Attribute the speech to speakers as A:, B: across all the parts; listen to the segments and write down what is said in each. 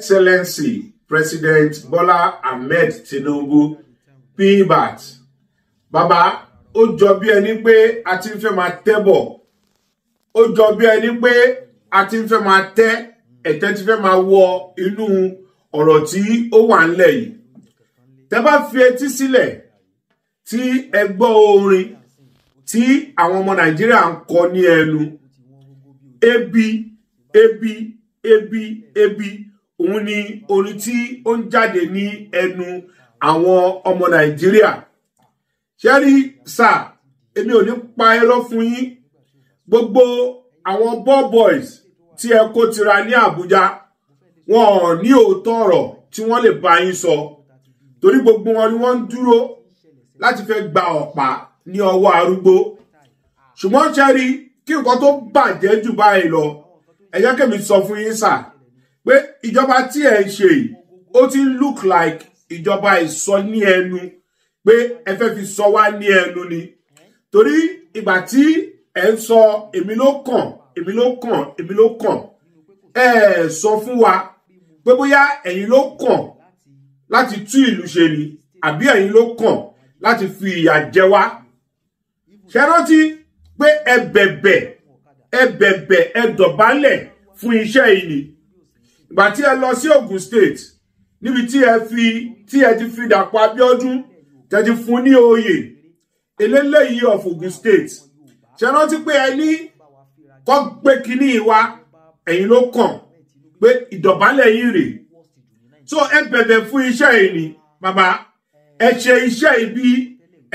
A: Excellency President Bola Ahmed Tinubu PBAT Baba, ó jọ bí ẹni pé a ti ń fẹ́ máa tẹ́ bọ̀ ó jọ bí ẹni pé a ti ń fẹ́ máa tẹ́ ẹ̀tẹ́ ti fẹ́ máa wọ inú ọ̀rọ̀ tí ó wà ńlẹ̀ yìí tẹ́ bá fi etí sílẹ̀ tí ẹ gbọ́ orin tí àwọn ọmọ Nàìjíríà ń kọ ní ẹnu ebi ebi ebi ebi. ebi òun ni orin tí ó ń jáde ní ẹnu àwọn ọmọ nàìjíríà ṣẹ́rí sà èmi ò ní pa ẹ̀rọ fún yín gbogbo àwọn ball boys tí ẹ kó tira ní àbújá wọn ò ní òótọ́ ọ̀rọ̀ tí wọ́n lè bá yín sọ torí gbogbo wọn ni wọ́n ń dúró láti fẹ́ gba ọ̀pá ní ọwọ́ arúgbó ṣùgbọ́n ṣẹ́rí kí nǹkan tó bàjẹ́ jù báyìí lọ ẹ kẹ́mi sọ fún yín sà pé ìjọba tí ẹ ń ṣe yìí ó ti ń look like ìjọba ìsọ ní ẹnu pé ẹ fẹ́ fi sọ wá ní ẹnu ni torí ìgbà tí ẹ ń sọ èmi ló kàn èmi ló kàn èmi ló kàn ẹ sọ fún wa pé bóyá ẹ̀yin ló kàn láti tú ìlú ṣe ni àbí ẹ̀yin ló kàn láti fi ìyà jẹ wá ṣe rántí pé ẹ bẹ̀bẹ̀ ẹ bẹ̀bẹ̀ ẹ dọ̀bálẹ̀ fún iṣẹ́ yìí ni ìgbà tí ẹ lọ sí Ogun State níbi tí ẹ fi tí ẹ ti fi Dàpọ̀ Abíọ́dún tẹ̀tí fún ní oyè eléléyìí of Ogun State ṣe rántí pé ẹ ní kọ́ gbé kínní wa ẹ̀yin ló kàn pé ìdọ̀bálẹ̀ yìí rèé so ẹ bẹ̀bẹ̀ fún iṣẹ́ yìí ni bàbá ẹ ṣe iṣẹ́ yìí bí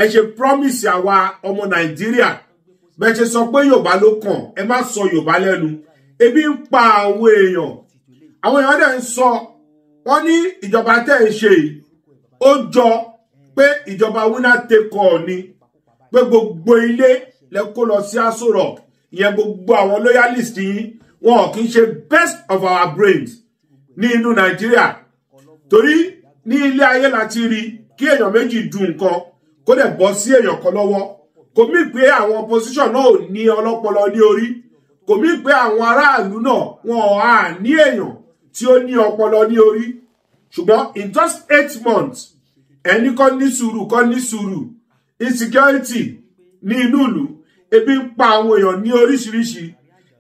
A: ẹ ṣe promise àwa ọmọ Nàìjíríà bẹ́ẹ̀ ṣe sọ pé Yorùbá ló kàn ẹ má sọ Yorùbá lẹ́nu ebi ń pa àwọn èèyàn àwọn èèyàn dẹ̀ ń sọ wọ́n ní ìjọba tẹ̀ ń ṣe yìí ó jọ pé ìjọba winner take all ni pé gbogbo ilé lẹ lọ sí Aso Rock ìyẹn gbogbo àwọn loyalist yín wọn kì í ṣe best of our brains ní inú Nàìjíríà torí ní ilé ayé láti rí kí èèyàn méjì du nǹkan kó dẹ̀ bọ́ sí èèyàn kan lọ́wọ́ kò mí pé àwọn opposition náà ò ní ọlọ́pọlọ ní orí kò mí pé àwọn aráàlú náà wọn ò ní èèyàn tí ó ní ọpọlọ ní orí ṣùgbọ́n in just eight months ẹni kọ́ ní sùúrù kọ́ ní sùúrù insecurity ní inú ìlú ebi ń pa àwọn èèyàn ní oríṣiríṣi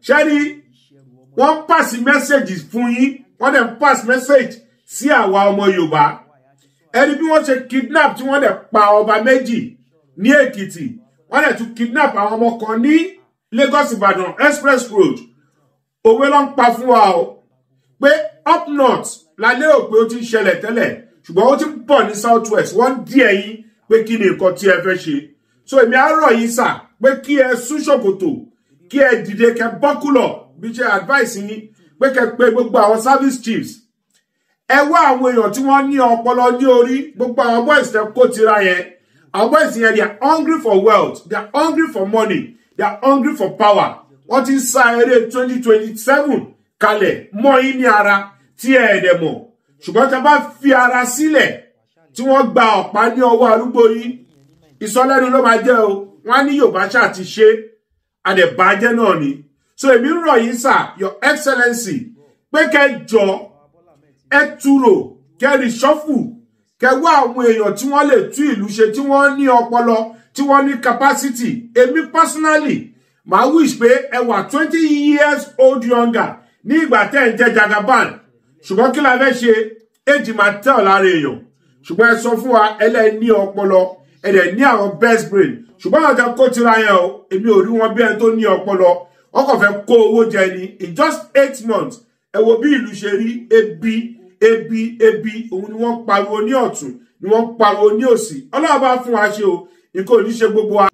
A: ṣẹ́ni wọ́n ń pass message fún yín wọ́n dẹ̀ ń pass message sí àwa ọmọ Yorùbá ẹni bí wọ́n ṣe kidnap tí wọ́n dẹ̀ pa ọba méjì ní Èkìtì wọ́n dẹ̀ tún kidnap àwọn ọmọ kan ní Lagos Ìbàdàn express road òwe ló ń pa fún wa o pé up north la lérò pé ó ti ń ṣẹlẹ̀ tẹ́lẹ̀ ṣùgbọ́n ó ti ń bọ̀ ní south west wọ́n ń díẹ̀ yín pé kí ni nǹkan tí ẹ fẹ́ ṣe so èmi á rọ̀ yín sà pé kí ẹ sún ṣòkòtò kí ẹ dìde kẹ bọ́kùlọ̀ bí ṣe advice yín pé kẹ pé gbogbo àwọn service chiefs ẹ wá àwọn èèyàn tí wọ́n ní ọpọlọ ní orí gbogbo àwọn boys tẹ kó tira yẹn àwọn boys yẹn they are hungry for wealth they are hungry for money they are hungry for power wọ́n ti ń sa eré twenty twenty seven kalẹ̀ mọ́ yín ní ara tí ẹ ẹ̀dẹ̀ mọ̀ ṣùgbọ́n tí a bá fi ara sílẹ̀ tí wọ́n gba ọ̀pá ní ọwọ́ arúgbó yín ìsọlẹ́nu ló máa jẹ́ o wọ́n á ní yorùbá ṣáà ti ṣe àdẹ̀bàjẹ́ náà ni so èmi ń rọ̀ yín sà your excellency pé kẹjọ ẹ túrò kẹrì ṣọ́fù kẹwọ́ àwọn èèyàn tí wọ́n lè tú ìlú ṣe tí wọ́n ní ọpọlọ tí wọ́n ní capacity èmi personally màá wish pé ẹ wà twenty years old younger ní ìgbà tẹ́ ń jẹ́ jagaban ṣùgbọ́n kí la fẹ́ ṣe éjì máa tẹ́ ọ̀ lára èèyàn ṣùgbọ́n ẹ sọ fún wa ẹlẹ́ni ọpọlọ ẹ̀dẹ̀ ní àwọn best brain ṣùgbọ́n àwọn ọjà kó tira yẹn o èmi ò rí wọn bí ẹni tó ní ọpọlọ ọkọ̀ fẹ́ kó owó jẹ ni in just eight months ẹ wo bí ìlú ṣe rí ebi ebi ebi òun ni wọ́n pariwo ní ọ̀tún ni wọ́n pariwo ní òsì ọlọ́run fún wa ṣe o nǹkan ò ní ṣe gbogbo wa.